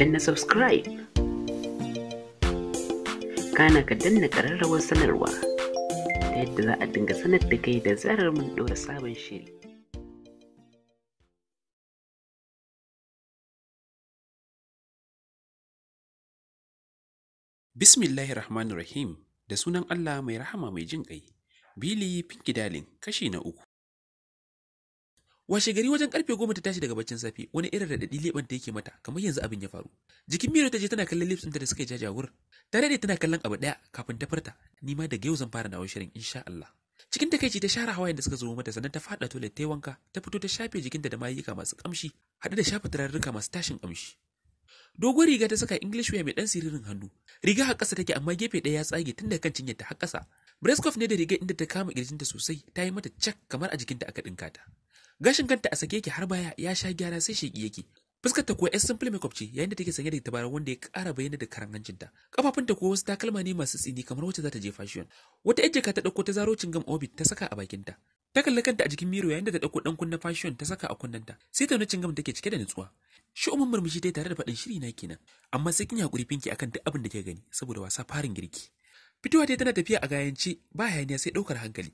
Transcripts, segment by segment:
danna subscribe kana ka danna ƙararrawar sanarwa ta yadda za a dinga sanar da kai da zarar mun ɗora sabon shiri Bismillahir Rahmanir Rahim da sunan Allah mai rahama mai jin ƙai. Bili Pinky Darling kashi na uku. Washe gari wajen karfe goma ta tashi daga baccin safe wani irin raɗaɗi leɓen ta yake mata kamar yanzu abin ya faru. Jikin Miro ta je tana kallon lips da suka wur Ta daɗe tana kallon abu ɗaya kafin ta farta. ni ma daga yau zan fara nawa shirin insha Allah. Cikin takaici ta share hawayen da suka zo mata sannan ta faɗa toilet ta wanka ta fito ta shafe jikinta da mayika masu kamshi haɗu da shafa turarruka masu tashin kamshi. dogon riga ta saka english wear mai dan siririn hannu riga har ƙasa take amma gefe ɗaya ya tsage tun daga kan ta har ƙasa breast ne da riga inda ta kama kirjinta sosai ta yi mata cak kamar a jikinta aka ɗinka ta gashin kanta a sake yake har baya ya sha gyara sai sheki yake fuskar ta kuwa yan simple makeup ce yayin da take sanye da tabara wanda ya kara bayyana da karangancinta. ta kafafun ta wasu takalma ne masu tsini kamar wacce za ta je fashion wata yar ta dauko ta zaro gam obit ta saka a bakin ta ta kalli kanta a jikin miro yayin da ta dauko dan kunna fashion ta saka a ta sai ta nuna cingam take cike da nutsuwa shi umman murmushi dai tare da fadin shiri na kenan amma sai kin hakuri finki akan duk abin da kike gani saboda wasa farin girki fitowa dai tana tafiya a gayance ba hayaniya sai daukar hankali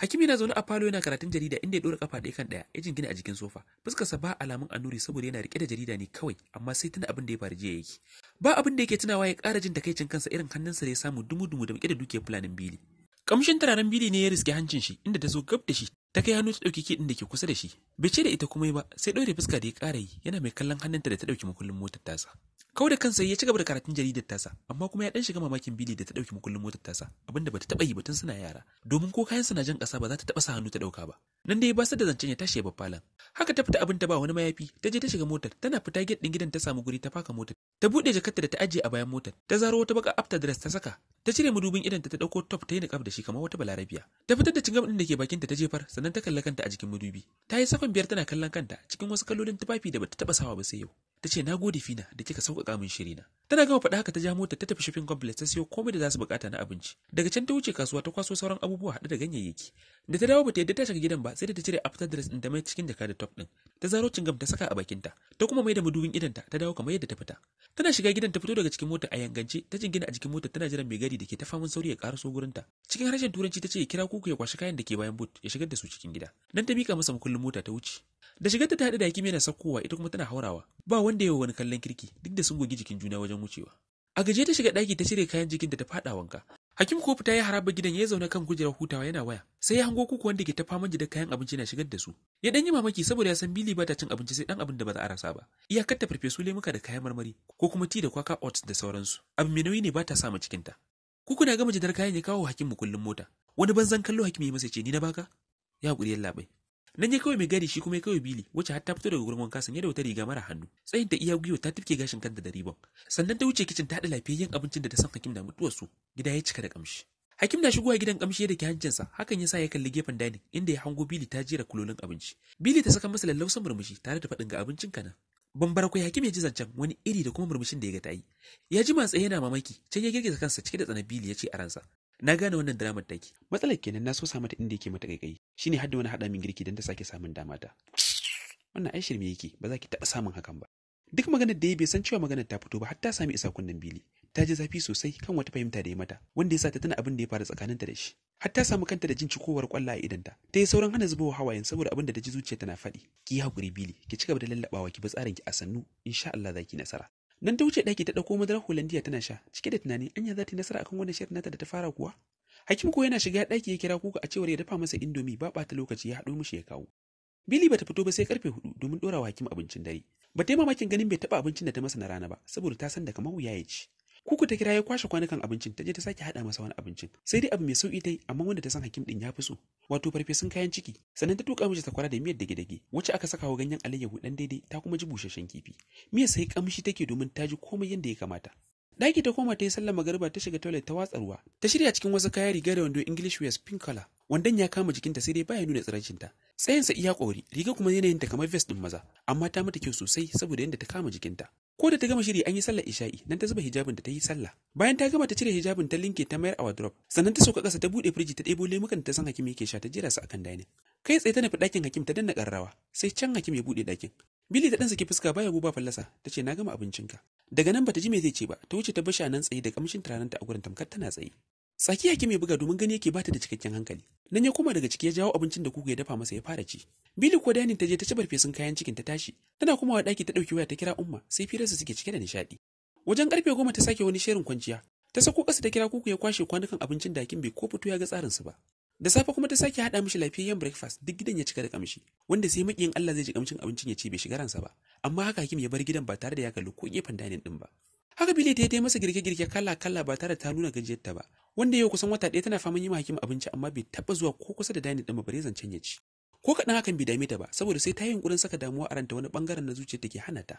Hakimi na zaune a falo yana karatun jarida inda ya dora kafa ɗaya kan ɗaya ya jingina a jikin sofa. Fuskarsa ba alamun annuri saboda yana rike da jarida ne kawai amma sai tuna abin da ya faru jiya yake. Ba abin da yake tunawa ya ƙara jin takaicin kansa irin hannunsa da ya samu dumu-dumu da muke da dukiyar fulanin bili. Kamshin tararen bili ne ya riske hancin shi inda ta zo gab da shi ta kai hannu ta ɗauki kiɗin da ke kusa da shi bai ce da ita kuma ba sai ɗaure fuska da ya ƙara yi yana mai kallon hannunta da ta ɗauki makullin motar tasa kau da kansa ya ci gaba da karatun jaridar tasa amma kuma ya ɗan shiga mamakin bili da ta ɗauki makullin motar tasa abinda bata taɓa yi ba tun suna yara domin ko kayan na jan ƙasa ba za ta taɓa sa hannu ta ɗauka ba nan dai ba su da zancen ya tashi ya babbalan haka ta fita abin ta ba wani mayafi ta je ta shiga motar tana fita gate ɗin gidan ta samu guri ta faka motar ta buɗe jakarta da ta ajiye a bayan motar ta zaro wata baka after dress ta saka ta cire mudubin idanta ta ɗauko top ta yi niƙaf da shi kamar wata balarabiya ta fitar da cingam ɗin da ke bakinta ta jefar sannan ta kalli kanta a jikin madubi ta yi safan biyar tana kallon kanta cikin wasu kalolin tufafi da bata taba sawa ba sai yau ta ce na gode fina da kika sauƙaƙa min na. tana gama faɗa haka ta ja mota ta tafi shopping complex ta siyo komai da za su buƙata na abinci daga can ta wuce kasuwa ta kwaso sauran abubuwa haɗe da ganyayyaki da ta dawo bata yadda ta shiga gidan ba sai da ta cire after dress ɗin ta mai cikin jaka da top ɗin ta zaro cingam ta saka a bakinta ta kuma mai da madubin idanta ta dawo kamar yadda ta fita tana shiga gidan ta fito daga cikin mota a yangance ta jingina a jikin mota tana jiran mai gadi da ke ta faman sauri ya karaso gurinta cikin harshen turanci ta ce ya kira kuku ya kwashi kayan da ke bayan boot ya shigar da su cikin gida dan ta mika masa mukullin mota ta wuce da shigar ta haɗu da hakimi yana sakkowa ita kuma tana haurawa ba wanda yawa wani kallon kirki duk da sun gogi jikin juna wajen wucewa a gaje ta shiga ɗaki ta cire kayan jikinta ta faɗa wanka hakim ko fita ya haraba gidan ya zauna kan kujerar hutawa yana waya sai ya hango kuku wanda ke ta faman da kayan abinci na shigar da su ya dan yi mamaki saboda ya san bili ba ta cin abinci sai dan abin da ba za a rasa ba iyakar ta farfesu lemuka da kayan marmari ko kuma ti da kwaka ot da sauransu abin mai nauyi ne ba ta sa cikin ta kuku na gama jidar kayan ya kawo hakim mu kullum mota wani banzan kallo hakim ya masa ce ni na baka ya hakuri yalla Nan ya kawai mai gadi shi kuma ya kawai bili wacce har ta fito daga gurin wanka sanye da wata riga mara hannu. Tsayin ta iya gwiwa ta tafke gashin kanta da ribon. Sannan ta wuce kicin ta haɗa lafiyayyen abincin da ta san Hakim da mutuwar su. Gida ya cika da kamshi. Hakim na shigowa gidan kamshi da ke hancinsa, hakan ya sa ya kalli gefen dining inda ya hango Bili ta jera kulolin abinci. Bili ta saka masa lallausan murmushi tare da faɗin ga abincin kana. Bambara kwai Hakim ya ji zancen wani iri da kuma murmushin da ya ga ta yi. Ya ji matsayi yana mamaki, can ya girgiza kansa cike da tsanar Bili ya ce a ransa. na gane wannan dramar take matsalar kenan na so sa mata inda yake mata kaikai shine hadda wani hada min girki dan ta sake samun dama ta wannan ai shirme yake ba za ki taba samun hakan ba duk maganar da ya bai san cewa maganar ta fito ba har ta sami isa kunnen bili ta ji zafi sosai kan wata fahimta da ya mata wanda ya sa ta tana abin da ya faru tsakaninta da shi har ta samu kanta da jin cikowar kwalla a idanta ta yi sauran hana zubowa hawayen saboda abin da ta ji zuciya tana faɗi ki hakuri bili ki gaba da lallabawa ki bi tsarin ki a sannu insha Allah za ki nasara nan ta wuce ɗaki ta ɗauko madarar holandiya tana sha cike da tunani anya za ta yi nasara akan wannan shirin nata da ta fara kuwa hakim ko yana shiga ɗaki ya kira kuka a cewar ya dafa masa indomi ba ɓata lokaci ya haɗo mishi ya kawo bili bata fito ba sai karfe hudu domin ɗora wa hakim abincin dare ba ta yi mamakin ganin bai taɓa abincin da ta masa na rana ba saboda ta san da kamar wuya ya ci kuku ta kira ya kwashe kwanukan abincin ta je ta sake hada masa wani abincin sai dai abu mai sauki dai, amma wanda ta san hakim din ya fi so wato farfesun kayan ciki sannan ta tuka mishi takwara da miyar dage-dage wacce aka saka wa ganyen alayyahu dan daidai ta kuma ji busasshen kifi miyar sai kamshi take domin ta ji komai yadda ya kamata daki ta koma ta yi sallama garba ta shiga toilet ta watsa ruwa ta shirya cikin wasu kaya riga da wando english wears pink color wandon ya kama jikinta sai dai baya nuna ta tsayinsa iya kori riga kuma yanayin ta kamar vest din maza amma ta mata kyau sosai saboda yadda ta kama jikinta ko da ta gama shiri an yi sallar isha'i nan ta zuba hijabin da ta yi sallah bayan ta gama ta cire hijabin ta linke ta mayar a wardrobe sannan ta sauka ƙasa ta buɗe firiji ta ɗebo lemukan ta san hakim yake sha ta jira su akan dining kai tsaye ta nufi ɗakin hakim ta danna ƙararrawa sai can hakim ya buɗe ɗakin Billy ta ɗan saki fuska baya guba fallasa ta ce na gama abincinka daga nan bata ji me zai ce ba ta wuce ta bashi nan tsaye da kamshin ta a gurin tamkar tana tsaye Tsaki yake mai buga domin gani yake bata da cikakken hankali. Nan ya koma daga ciki ya jawo abincin da kuka ya dafa masa ya fara ci. Bili ko dainin ta je ta ci sun kayan cikin ta tashi. Tana kuma wa daki ta ɗauki waya ta kira umma sai firarsa suke cike da nishaɗi. Wajen karfe goma ta sake wani shirin kwanciya. Ta sako kasa ta kira kuku ya kwashe kwanukan abincin da bai ko fito ya ga su ba. Da safe kuma ta sake hada mishi lafiyayyen breakfast duk gidan ya cika da kamshi wanda sai makiyin Allah zai ji kamshin abincin ya ci bai shiga ransa ba amma haka hakim ya bar gidan ba tare da ya kalli ko gefen dining din ba Haka bile ta yi masa girke-girke kala-kala ba tare da ta nuna gajiyarta ba. Wanda yau kusan wata ɗaya tana faman yi ma hakim abinci amma bai taɓa zuwa ko kusa da dani ɗin ba bare zancen ya ci. Ko kaɗan hakan bai dame ta ba saboda sai ta yi yunƙurin saka damuwa a ranta wani ɓangaren na zuciyar take hana ta.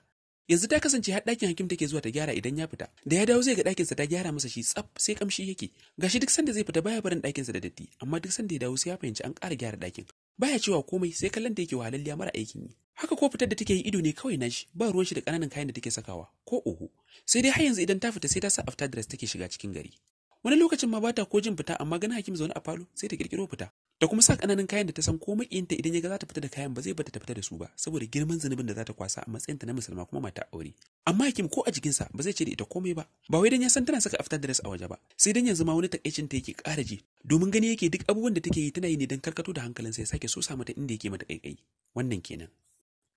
Yanzu ta kasance har ɗakin hakim take zuwa ta gyara idan ya fita. Da ya dawo zai ga ɗakinsa ta gyara masa shi tsaf sai kamshi yake. Gashi duk sanda zai fita baya barin ɗakinsa da datti amma duk sanda ya dawo sai ya fahimci an ƙara gyara ɗakin. Baya cewa komai sai kallon da yake wahalalliya mara aikin yi. haka ko fitar da take yi ido ne kawai na shi ba ruwan shi da kananan kayan da take sakawa ko oho sai dai har yanzu idan ta fita sai ta sa after dress take shiga cikin gari wani lokacin ma bata ko jin fita amma gani hakim zaune a falo sai ta kirkiro fita da kuma sa kananan kayan da ta san ko makiyinta idan ya ga za ta fita da kayan ba zai bata ta fita da su ba saboda girman zunubin da za ta kwasa a matsayinta na musulma kuma mata aure amma hakim ko a jikinsa ba zai ce da ita komai ba ba wai dan ya san tana saka after dress a waje ba sai dan yanzu ma wani takaicin ta yake ƙara ji domin gani yake duk abubuwan da take yi tana yi ne dan karkato da hankalinsa ya sake so sa mata inda yake mata kaikayi wannan kenan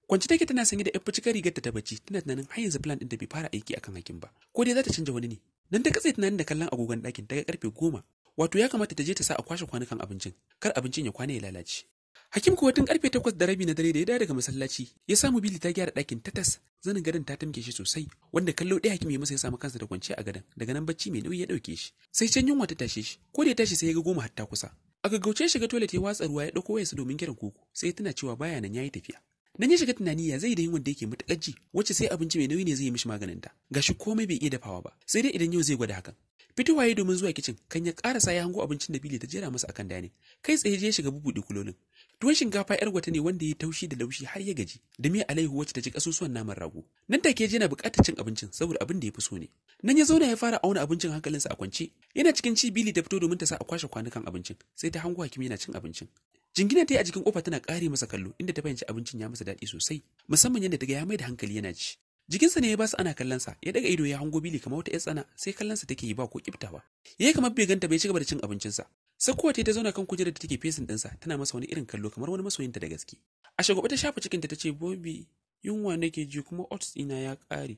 Kwanci take tana sanye da 'yan fucikar rigar ta bacci tana tunanin har yanzu plan din da bai fara aiki akan hakin ba. Ko dai za ta canja wani ne. Nan ta katse tunanin da kallon agogon ɗakin ga karfe goma. Wato ya kamata ta je ta sa a kwashe kwanukan abincin, kar abincin ya kwana ya lalace. Hakim kuwa tun karfe takwas da rabi na dare da ya dawo daga masallaci ya samu Bili ta gyara ɗakin tas zanin gadon ta tamke shi sosai wanda kallo ɗaya Hakim ya masa ya samu kansa da kwanciya a gadon daga nan bacci mai nauyi ya ɗauke shi sai can yunwa ta tashe shi ko da ya tashi sai ya ga goma hatta kusa a gaggauce shiga toilet ya watsa ruwa ya ɗauko wayarsa domin kiran koko sai tuna cewa baya nan yi tafiya nan ya shiga tunani ya zai da yin da yake matuƙar ji wacce sai abinci mai nauyi ne zai yi mishi maganin ta gashi komai bai iya dafawa ba sai dai idan yau zai gwada hakan fitowa ya domin zuwa kicin kan ya karasa ya hango abincin da bili ta jera masa akan dani kai tsaye ya shiga bubuɗe kulolin tuwon shinkafa yar gwata ne wanda ya taushi da laushi har ya gaji da miya alaihu wacce ta ji kasusuwan naman rago nan take je na buƙatar cin abincin saboda abin da ya fi so ne nan ya zauna ya fara auna abincin hankalinsa a kwance yana cikin ci bili ta fito domin ta sa a kwashe kwanukan abincin sai ta hango hakimi yana cin abincin Jingina ta yi a jikin kofa tana ƙare masa kallo inda ta fahimci abincin ya masa daɗi sosai musamman yadda ta ga ya mai da hankali yana ci. Jikinsa ne ya ba su ana kallonsa ya daga ido ya hango bili kamar wata 'yar tsana sai kallonsa take yi ba ko kiftawa. Yayi kamar bai ganta bai ci gaba da cin abincinsa. Sakkowa ta zauna kan kujerar da take fesin ɗinsa tana masa wani irin kallo kamar wani masoyinta da gaske. A shagwabe ta shafa cikinta ta ce "Bobi, yunwa nake ji kuma oats ina ya ƙare.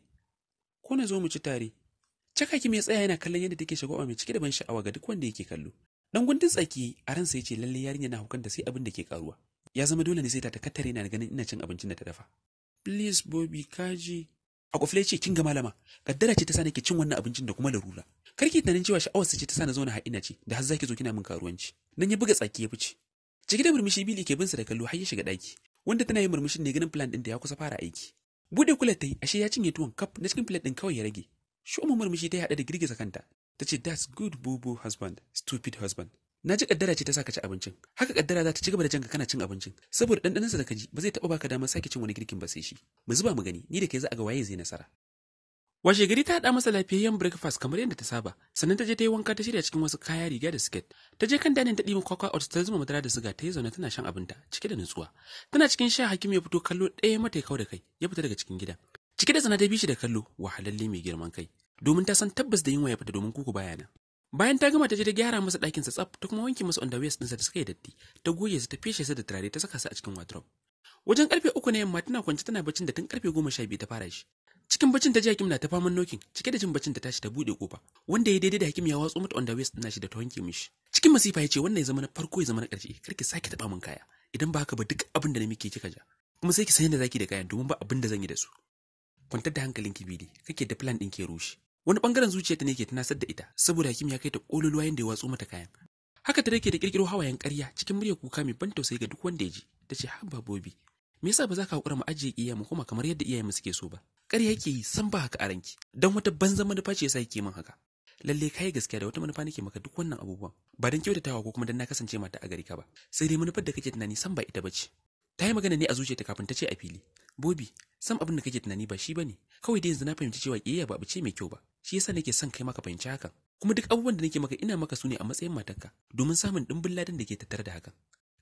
Ko na zo mu ci tare. Cakaki mai tsaya yana kallon yadda take shagwaba mai cike da ban sha'awa ga duk wanda yake kallo. dan gundun tsaki a ransa yace lalle yarinya na hukan da sai abin da ke karuwa ya zama dole ne sai ta takattare na ganin ina cin abincin da ta dafa please bobby kaji a kofle ce kin ga malama kaddara ce ta sani ke cin wannan abincin da kuma larura karki tunanin cewa sha'awar ce ta sa zauna har ina ce da har zaki zo kina min karuwanci nan ya buga tsaki ya fice Ciki da murmushi bili ke bin sa da kallo har ya shiga daki wanda tana yin murmushin ne ganin plan din da ya kusa fara aiki bude kula ta ashe ya cinye tuwon kaf na cikin plate din kawai ya rage shi umar murmushi ta hada da girgiza kanta ta ce that's good bubu husband stupid husband na ji kaddara ce ta saka ci abincin haka kaddara za ta ci gaba da janka kana cin abincin saboda dandanansa da kaji, ba zai taba baka damar sake cin wani girkin ba sai shi mu zuba mu gani ni da kai za a ga waye zai nasara washe gari ta haɗa masa lafiyayyen breakfast kamar yadda ta saba sannan ta je ta yi wanka ta shirya cikin wasu kaya riga da siket ta je kan danin ta ɗiba kwakwa a ta zuma madara da suga ta yi zaune tana shan abinta cike da nutsuwa tana cikin sha hakim ya fito kallo ɗaya mata ya kawo da kai ya fita daga cikin gidan cike da sana ta bi shi da kallo wahalalle mai girman kai domin ta san tabbas da yunwa ya fita domin kuku baya nan. Bayan ta gama ta je ta gyara masa ɗakin sa tsaf ta kuma wanke masa underwears ɗinsa da suka yi datti, ta goge su ta feshe su da turare ta saka su a cikin wardrobe. Wajen karfe uku na yamma tana kwance tana bacin da tun karfe goma sha biyu ta fara shi. Cikin bacin ta ji Hakim na ta faman nokin, cike da jin bacin ta tashi ta buɗe kofa, wanda ya daidai da Hakim ya watso mata underwears ɗin shi da ta wanke mishi. Cikin masifa ya ce wannan ya zama na farko ya zama na ƙarshe, kar ki sake taɓa min kaya, idan ba haka ba duk abin da na miki kika ja. Kuma sai ki san yadda zaki da kayan domin ba abin da zan yi da su. Kwantar da hankalinki bidi, kake da plan ɗin ke rushe. wani bangaren zuciyarta ne ke tunasar da ita saboda hakim ya kai ta kololuwa yadda ya watso mata kayan haka ta dake da kirkiro hawayen ƙarya cikin muryar kuka mai ban tausayi ga duk wanda ya ji ta ce haba bobi me yasa ba za ka haƙura mu ajiye iya mu kuma kamar yadda iyayen mu suke so ba ƙarya yake yi san ba haka a ranki dan wata banza manufa ce yasa yake min haka lalle kai gaskiya da wata manufa nake maka duk wannan abubuwan ba dan kyautatawa ko kuma dan na kasance mata a gari ka ba sai dai manufar da kake tunani san ba ita bace ta yi magana ne a zuciyarta kafin ta ce a fili bobi san abin da kake tunani ba shi bane kawai dai yanzu na fahimci cewa kiyayya ba abu ce mai kyau ba shi yasa nake son kai maka fahimci hakan kuma duk abubuwan da nake maka ina maka su ne a matsayin matarka domin samun dimbin ladan da ke tattare da hakan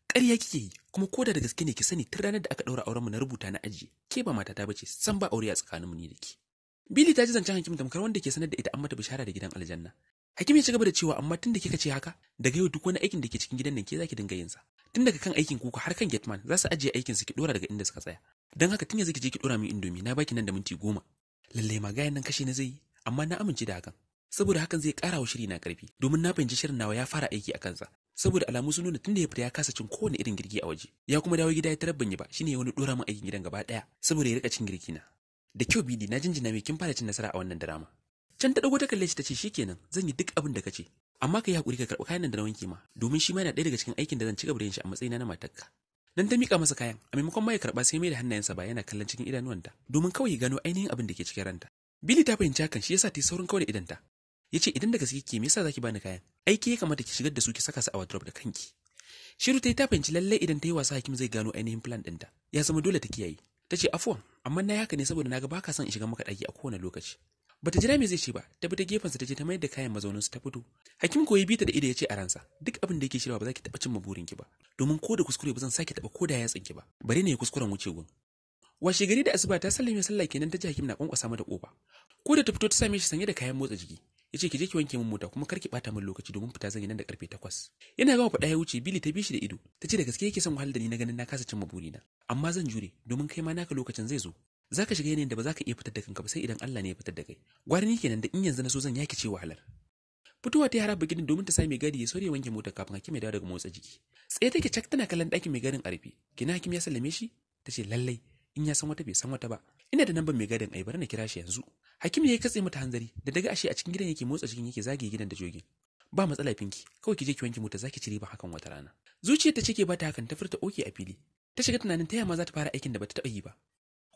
ƙarya kike yi kuma koda da gaske ne ki sani tun ranar da aka ɗaura aurenmu na rubuta na ajiye ke ba matata ba bace san ba aure a tsakaninmu ne da ke Billy ta ji zancen Hakim tamkar wanda ke sanar da ita an mata bishara da gidan aljanna Hakim ya ci gaba da cewa amma tun da kika ce haka daga yau duk wani aikin da ke cikin gidan nan ke zaki dinga yin sa tun daga kan aikin kuka har kan gateman za su ajiye aikin su ki dora daga inda suka tsaya dan haka tun yanzu ki je ki dora min indomi na baki nan da minti goma lalle ma nan kashe na zai yi amma na amince da hakan saboda hakan zai kara wa shiri na ƙarfi domin na fahimci shirin nawa ya fara aiki a kansa saboda alamu sun nuna tunda ya fita ya kasa cin kowane irin girki a waje ya kuma dawo gida ya tarar ban ba shine ya wani dora min aikin gidan gaba daya saboda ya rika cin girki na da kyau bidi na jinjina mai kin fara cin nasara a wannan drama can ta dago ta kalle shi tace shikenan zan yi duk abin da kace amma kai hakuri ka karɓi kayan da na wanke ma domin shi ma yana ɗaya daga cikin aikin da zan ci gaba da yin shi a matsayina na matarka dan ta mika masa kayan a maimakon ma karba sai mai da hannayensa ba yana kallon cikin idanuwanta domin kawai gano ainihin abin da ke cikin ranta Billy ta fahimci hakan shi yasa ta yi saurin kawai da idanta. Ya ce idan daga gaske me yasa zaki bani kayan? Aiki ya kamata ki shigar da su ki saka su a wardrobe da kanki. Shiru ta yi ta fahimci lallai idan ta yi wasa Hakim zai gano ainihin plan ta. Ya zama dole ta kiyaye. Ta ce afuwan, amma na yi haka ne saboda na ga baka son in shiga maka ɗaki a kowane lokaci. Bata jira me zai ce ba, ta bi ta gefensa ta je ta mayar da kayan mazauninsu ta fito. Hakim koyi ta da ido ya ce a ransa, duk abin da yake shirya ba za ki taɓa cimma ki ba, domin ko da kuskure ba zan sake taɓa ko da ya ki ba, bari ne kuskuren wuce gun. Washe gari da asuba ta sallame sallah kenan ta ji Hakim na kwankwasa mata kofa. ko da ta fito ta same shi sanye da kayan motsa jiki ya ce ki je ki wanke min mota kuma kar ki bata min lokaci domin fita zan yi nan da karfe takwas. Yana gama faɗa ya wuce Billy ta bi shi da ido ta ce da gaske yake son wahalar da ni na ganin na kasa cimma burina amma zan jure domin kai ma naka lokacin zai zo zaka shiga yanayin da ba za ka iya fitar da kanka ba sai idan Allah ne ya fitar da kai gwari ni kenan da in yanzu na so zan yaki ce wahalar fitowa ta haraba gidan domin ta sa mai gadi ya ya wanke mota kafin hakim ya dawo daga motsa jiki tsaye take cak tana kallon ɗakin mai gadin a rufe kina hakim ya sallame shi ta ce lallai in ya san wata bai san wata ba ina da namban mai gadin ai bari na kira shi yanzu Hakim ya katse mata hanzari da daga ashe a cikin gidan yake motsa cikin yake zage gidan da jogin. Ba matsala finki, kawai ki je ki wanke mota zaki cire ba hakan wata rana. Zuciyar ta ce ke bata hakan ta furta oke a fili. Ta shiga tunanin ta yamma za ta fara aikin da bata taba yi ba.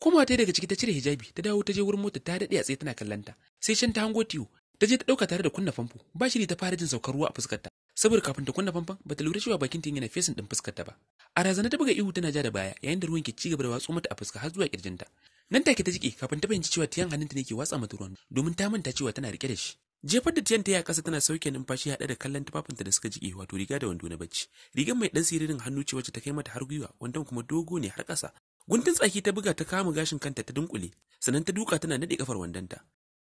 Kuma ta daga ciki ta cire hijabi ta dawo ta je wurin mota ta dade a tsaye tana kallanta. Sai shan ta hango tiyo ta je ta ɗauka tare da kunna famfo ba shiri ta fara jin saukar ruwa a fuskarta saboda kafin ta kunna famfon bata lura cewa bakin tin yana fesin din ta ba a razana ta buga ihu tana ja da baya yayin da ruwan ke cigaba da watsu mata a fuska har zuwa kirjinta nan take ta jike kafin ta fahimci cewa tiyan hannunta ne ke watsa mata ruwan domin ta manta cewa tana rike da shi jefar da tiyan ta ya kasa tana sauke numfashi haɗe da kallon tufafinta da suka jike wato riga da wando na bacci rigar mai ɗan siririn hannu ce wacce ta kai mata har gwiwa wandon kuma dogo ne har ƙasa guntun tsaki ta buga ta kama gashin kanta ta dunkule sannan ta duka tana naɗe kafar wandonta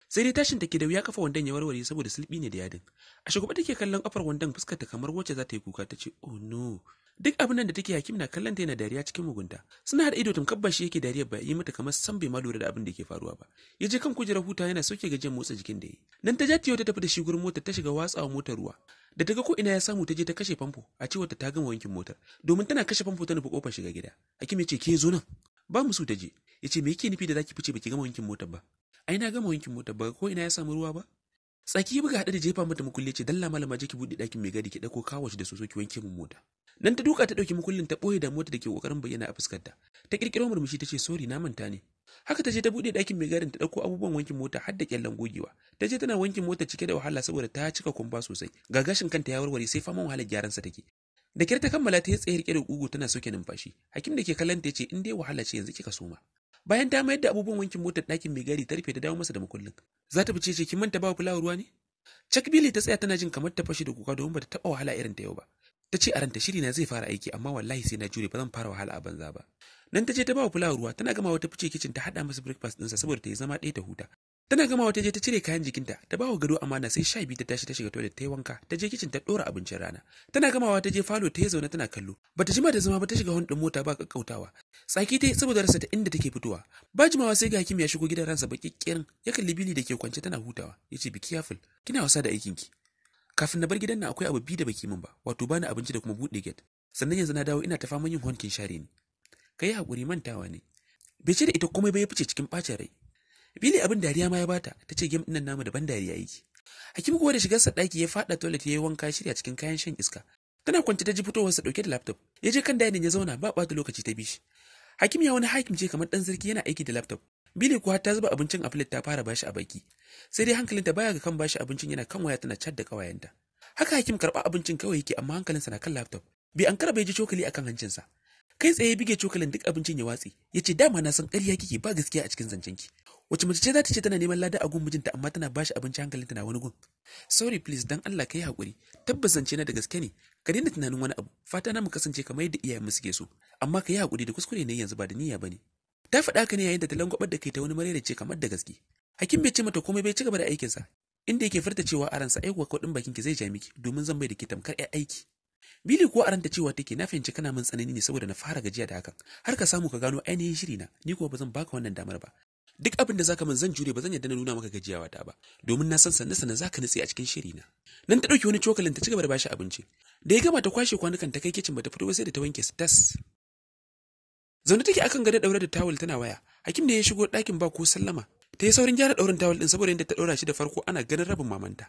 sai dai tashin take da wuya kafa wandon ya warware saboda sulbi ne da yadin a shugaba take kallon kafar wandon fuskar ta kamar wacce za ta yi kuka ta ce oh no duk abin da take hakim na kallon ta yana dariya cikin mugunta suna hada ido tamkar ba shi yake dariya ba yi mata kamar san bai ma lura da abin da yake faruwa ba ya je kan kujerar huta yana sauke gajiyar motsa jikin da yi nan ta jatiyo ta tafi da shi gurin motar ta shiga watsawa motar ruwa da ta ga ko ina ya samu ta je ta kashe famfo a cewar ta gama wankin motar domin tana kashe famfo ta nufi kofar shiga gida hakim ya ce ke zo nan ba mu su ta je ya ce me yake nufi da zaki fice baki gama wankin motar ba ai na gama wankin motar ba ko ina ya samu ruwa ba Tsaki buga haɗe da jefa mata mukulli ce dalla malama je ki buɗe ɗakin mai gadi ki ɗauko kawo da soso ki wanke mun mota. Nan ta duka ta ɗauki mukullin ta ɓoye mota da ke ƙoƙarin bayyana a fuskar Ta ta kirkiro murmushi ta ce sori na manta ne. Haka ta je ta buɗe ɗakin mai gadin ta ɗauko abubuwan wankin mota har da ƙyallen gogewa. Ta je tana wankin mota cike da wahala saboda ta cika kumba sosai. Gagashin kanta ya warware sai faman wahalar gyaran sa take. Da kirta kammala ta yi tsaye rike da ƙugu tana soke numfashi. Hakim da ke kallon ta ce in dai wahala ce yanzu kika soma. bayan ta mayar da abubuwan wankin motar ɗakin mai gari ta rufe ta dawo masa da makullin za ta fice ce kin manta ba fulawar ruwa ne Chuck Billy ta tsaya tana jin kamar ta fashe da kuka domin bata taɓa wahala irin ta yau ba ta ce a ranta shiri na zai fara aiki amma wallahi sai na jure ba zan fara wahala a banza ba nan ta je ta ba wa fulawar ruwa tana gama wata fice kicin ta haɗa masa breakfast ɗinsa saboda ta yi zama ɗaya ta huta tana gama ta je ta cire kayan jikinta ta bawa gado amana sai sha biyu ta tashi ta shiga toilet ta yi wanka ta je kicin ta dora abincin rana tana gamawa ta je falo ta yi zaune tana kallo bata jima da zama ba ta shiga hon mota ba kakkautawa tsaki ta yi saboda rasa ta inda take fitowa ba jimawa sai ga hakim ya shigo gidan ransa baki kirin ya kalli bili da ke kwance tana hutawa ya ce "Biki careful kina wasa da aikinki kafin na bar gidan nan akwai abu biyu da baki min ba wato bani abinci da kuma buɗe gate sannan yanzu na dawo ina ta faman yin honkin share ni kai hakuri mantawa ne bai ce da ita komai ba ya fice cikin bacin rai Bili abin dariya ma ya bata, ta ce game dinnan namu daban dariya yake. Hakim kuwa da sa ɗaki ya faɗa toilet ya yi wanka shirya cikin kayan shan iska. Tana kwance ta ji fitowarsa ɗauke da laptop. Ya je kan dining ya zauna ba ɓata lokaci ta bishi. Hakim ya wani hakim ce kamar ɗan sarki yana aiki da laptop. Bili kuwa ta zuba abincin a plate ta fara bashi a baki. Sai dai hankalinta baya ga kan bashi abincin yana kan waya tana chat da kawayenta. Haka hakim karɓa abincin kawai yake amma hankalinsa na kan laptop. Bai an karɓa ya ji cokali akan hancinsa. kai tsaye bige cokalin duk abincin ya watse ya ce dama na san ƙarya kike ba gaskiya a cikin zancen ki wace mace ce za ta ce tana neman lada a gun mijinta amma tana ba shi abinci hankalinta na wani gun sorry please dan Allah kai hakuri tabbas zance na da gaske ne ka daina tunanin wani abu fata na mu kasance kamar yadda iyayen mu suke so amma ka yi hakuri da kuskure ne yanzu ba da niyya bane ta faɗa ka ne yayin da ta langwabar da kai ta wani marere ce kamar da gaske hakim bai ce mata komai bai ci gaba da aikinsa inda yake furta cewa aransa aikuwa kuɗin bakin ki zai ja miki domin zan bai da ke tamkar aiki Bili ko aranta cewa take na fahimci kana min tsanani ne saboda na fara gajiya da hakan. Har ka samu ka gano ainihin shiri na, ni kuwa ba zan baka wannan damar ba. Duk abin da zaka min zan jure ba zan yadda na nuna maka gajiyawa ta ba, domin na san sanne sanne zaka nutse a cikin shiri na. Nan ta dauki wani cokalin ta ci gaba da bashi abinci. Da ya gama ta kwashe kwanukan ta kai kicin bata fito ba sai da ta wanke su tas. Zaune take akan gado daure da tawul tana waya. Hakim da ya shigo dakin ba ko sallama. Ta yi saurin gyara ɗaurin tawul din saboda yadda ta ɗaura shi da farko ana ganin rabin mamanta.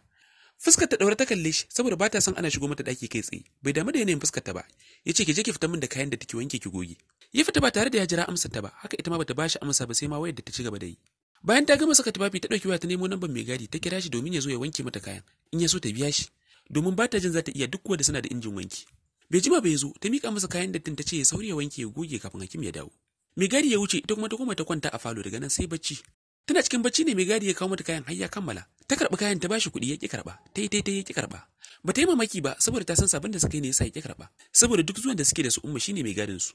Fuskar ta daure ta kalle shi saboda ba ta son ana shigo mata daki kai tsaye. Bai damu da yanayin fuskar ta ba. Yace ki je ki fita min da kayan da take wanke ki goge. Ya fita ba tare da ya jira amsar ta ba. Haka ita ma bata bashi amsa ba sai ma wayar da ta ci gaba da yi. Bayan ta gama saka tufafi ta dauki waya ta nemo namban mai gadi ta kira shi domin ya zo ya wanke mata kayan. In ya so ta biya shi. Domin ba ta jin za ta iya duk wanda suna da injin wanki. Bai jima bai zo ta mika masa kayan dattin ta ce ya sauri ya wanke ya goge kafin hakim ya dawo. Mai gadi ya wuce ita kuma ta koma ta kwanta a falo daga nan sai bacci. tana cikin bacci ne mai gadi ya kawo mata kayan har ya kammala ta karɓi kayan ta bashi kuɗi ya ƙi karɓa ta yi ta ya ƙi karɓa ba ta yi mamaki ba saboda ta san sabon da suka yi ne sa ya ƙi karɓa saboda duk zuwan da suke da su umma shine mai gadin su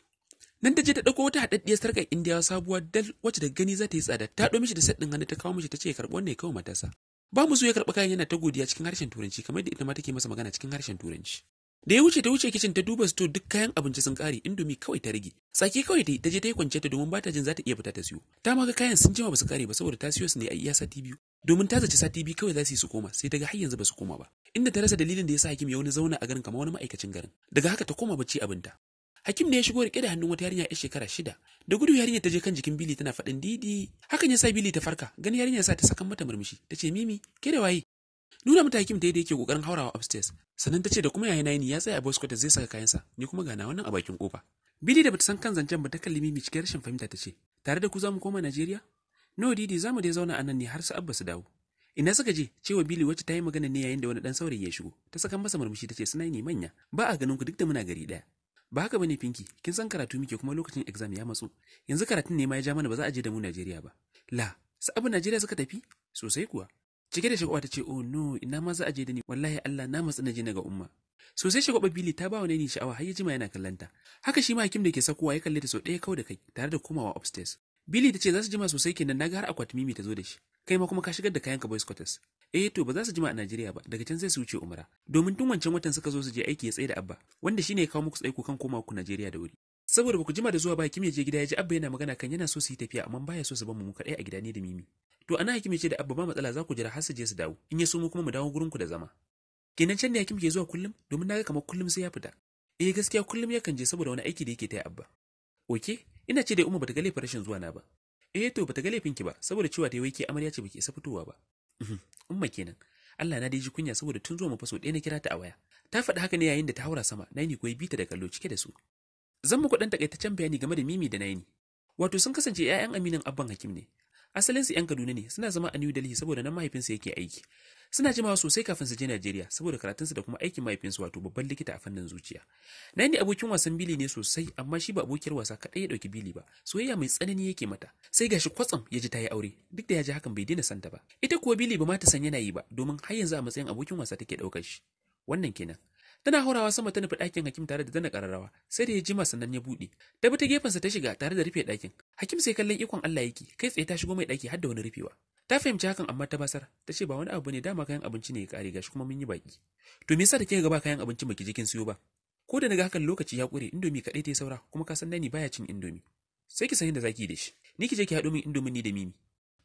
nan ta je ta ɗauko wata haɗaɗɗiyar sarƙar indiyawa sabuwa dal wacce da gani za ta yi tsada ta ɗo mishi da saɗin hannu ta kawo mishi ta ce ya karɓi wannan ya kawo matasa ba mu ya karɓi kayan yana ta godiya cikin harshen turanci kamar da ita ma take masa magana cikin harshen turanci da ya wuce ta wuce kicin ta duba sto duk kayan abinci sun kare indomi kawai ta rage tsaki kawai ta ta je ta yi kwance ta domin bata jin za ta iya fita ta siyo ta ma ga kayan sun jima basu kare ba saboda ta siyo su ne a iya sati biyu domin ta zaci sati biyu kawai za su yi su koma sai daga har yanzu basu koma ba inda ta rasa dalilin da ya sa hakim ya wani zauna a garin kamar wani ma'aikacin garin daga haka ta koma bacci abinta Hakim ne ya shigo rike da hannun wata yarinya 'yar shekara shida. Da gudu yarinya ta je kan jikin Bili tana faɗin didi. Hakan ya sa Bili ta farka, gani yarinya sa ta sakan mata murmushi. Ta ce Mimi, ke da waye? nuna mata hakim daidai yake kokarin haurawa upstairs sannan ta ce da kuma yayi nayi ya tsaya a boss quarters zai saka kayansa ni kuma gana wannan a bakin kofa bidi da bata san kan zancen ba ta kalli mimi cikin rashin fahimta ta ce tare da ku za mu koma najeriya no didi za mu dai zauna a nan ne har su abba su dawo ina suka je cewa bili wacce ta yi magana ne yayin da wani dan saurayi ya shigo ta saka masa murmushi ta ce suna ne manya ba a ganin ku duk da muna gari daya ba haka bane pinki kin san karatu muke kuma lokacin exam ya matsu yanzu karatun ne ma ya ja mana ba za a je da mu najeriya ba la su abu najeriya suka tafi sosai kuwa cike da shagwaba ta ce oh no ina ma za a je da ni wallahi Allah na matsi na je na ga umma sosai shagwaba bili ta ba wani sha'awa har ya jima yana kallanta haka shi ma hakim da ke sakowa ya kalle ta sau ɗaya kawai da kai tare da komawa upstairs bili ta ce za su jima sosai kenan naga har akwati mimi ta zo da shi kai ma kuma ka shigar da kayanka boys quarters eh to ba za su jima a Najeriya ba daga can zai su wuce umra domin tun wancan watan suka zo su je aiki ya tsaye da abba wanda shine ya kawo muku tsaiko kan komawa ku Najeriya da wuri saboda baku jima da zuwa ba hakim ya je gida ya ji abba yana magana kan yana so su yi tafiya amma baya so su bamu mu kadai a gida ne da mimi to ana hakim ya ce da abba ba matsala za ku jira har su je su dawo in ya so mu kuma mu dawo gurin ku da zama kenan can ne hakim ke zuwa kullum domin na ga kamar kullum sai ya fita eh gaskiya kullum yakan je saboda wani aiki da yake ta abba oke ina ce da umma bata ga laifin rashin zuwa na ba eh to bata ga laifin ki ba saboda cewa ta yi ki amarya ce baki isa fitowa ba uhm, umma kenan Allah na dai ji kunya saboda tun zuwa mafaso ɗaya na kira ta a waya ta faɗi haka ne yayin da ta haura sama na ni bita da kallo cike da su Zan muku ɗan takaitaccen bayani game da Mimi da Naini. Wato sun kasance 'ya'yan aminin Abban Hakim ne. Asalin su 'yan Kaduna ne, suna zama a New Delhi saboda nan mahaifinsa yake aiki. Suna jimawa sosai kafin su je Najeriya saboda karatunsu da kuma aikin mahaifinsu wato babban likita a fannin zuciya. Naini abokin wasan Bili ne sosai amma shi ba abokiyar wasa kaɗai ya ɗauki Bili ba, soyayya mai tsanani yake mata. Sai gashi kwatsam ya ji ta yi aure, duk da ya ji hakan bai daina santa ba. Ita kuwa Bili ba ma ta san yana yi ba, domin har yanzu a matsayin abokin wasa take ɗaukar shi. Wannan kenan. tana haurawa sama ta nufi ɗakin hakim tare da dana ƙararrawa sai da ya jima sannan ya buɗe ta bi ta gefensa ta shiga tare da rufe ɗakin hakim sai kallon ikon Allah yake kai tsaye ta shigo mai ɗaki har da wani rufewa ta fahimci hakan amma ta basar ta ce ba wani abu ne dama kayan abinci ne ya kare gashi kuma mun yi baki to me yasa da kika ga ba kayan abinci baki jikin siyo ba ko da naga hakan lokaci ya ƙure indomi kaɗai ta yi saura kuma ka san nani baya cin indomi sai ki san yadda zaki da shi ni ki je ki haɗo min indomin ni da mimi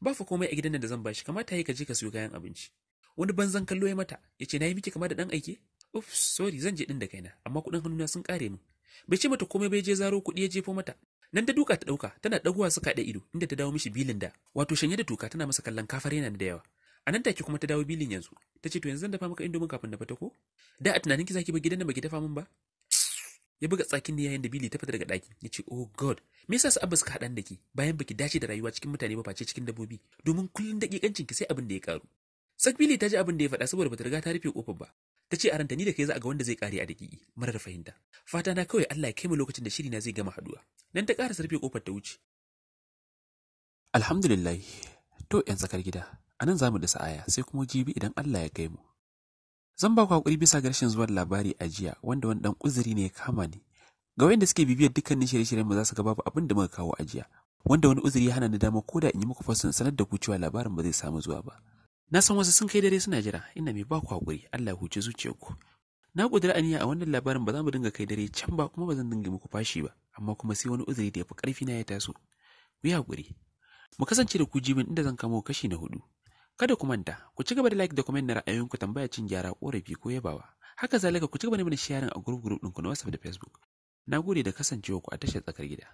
ba fa komai a gidan nan da zan bashi kamata yayi ka je ka siyo kayan abinci wani banzan kallo ya mata ya ce na yi miki kama da ɗan aike Uf, sorry, zan je din da kaina, amma kuɗin hannuna sun kare min. Bai ce mata komai bai je zaro kuɗi ya jefo mata. Nan ta duka ta ɗauka, tana ɗaguwa suka da ido, inda ta dawo mishi bilin da, wato shanye da tuka tana masa kallon kafar yana da yawa. A nan take kuma ta dawo bilin yanzu, ta ce to yanzu zan dafa maka indomin kafin na fita ko? Da a tunanin ki zaki ba gidan da baki dafa min ba? Ya buga tsakin ne yayin da bili ta fita daga ɗaki, ya ce oh god, me yasa su abba suka haɗa da ki bayan baki dace da rayuwa cikin mutane ba face cikin dabbobi, domin kullum dakikancin ki sai abin da ya karu. Sak ta ji abin da ya faɗa saboda bata riga ta rufe kofar ba, ta ce a ranta ni da kai za a ga wanda zai kare a daƙiƙi marar fahimta fata na kawai Allah ya kai mu lokacin da shiri na zai gama haduwa nan ta ƙara sarfe kofar ta wuce alhamdulillah to yan tsakar gida anan zamu dasa aya, sai kuma jibi idan Allah ya kai mu zan ba ku hakuri bisa ga rashin zuwa labari a jiya wanda wani dan uzuri ne ya kama ni ga wayanda suke bibiyar dukkanin shirye-shiryen mu za su ga babu abin da muka kawo a jiya wanda wani uzuri ya hana ni dama ko da in yi muku fasin sanar da ku cewa labarin ba zai samu zuwa ba Na san wasu sun kai dare suna jira, ina mai ba ku haƙuri, Allah huce ku Na ƙudiri aniya a wannan labarin ba za mu dinga kai dare can ba kuma ba zan dinga muku fashi ba, amma kuma sai wani uzuri da ya fi ƙarfi na ya taso. Ku yi haƙuri. Mu kasance da ku jibin inda zan kamo kashi na hudu. Kada ku manta, ku ci gaba da like da comment na ra'ayoyinku tambaya cin gyara, ƙorafi ko yabawa. Haka zalika ku ci gaba da mana sharing a group group ɗinku na WhatsApp da Facebook. Na gode da kasancewa ku a tashar tsakar gida.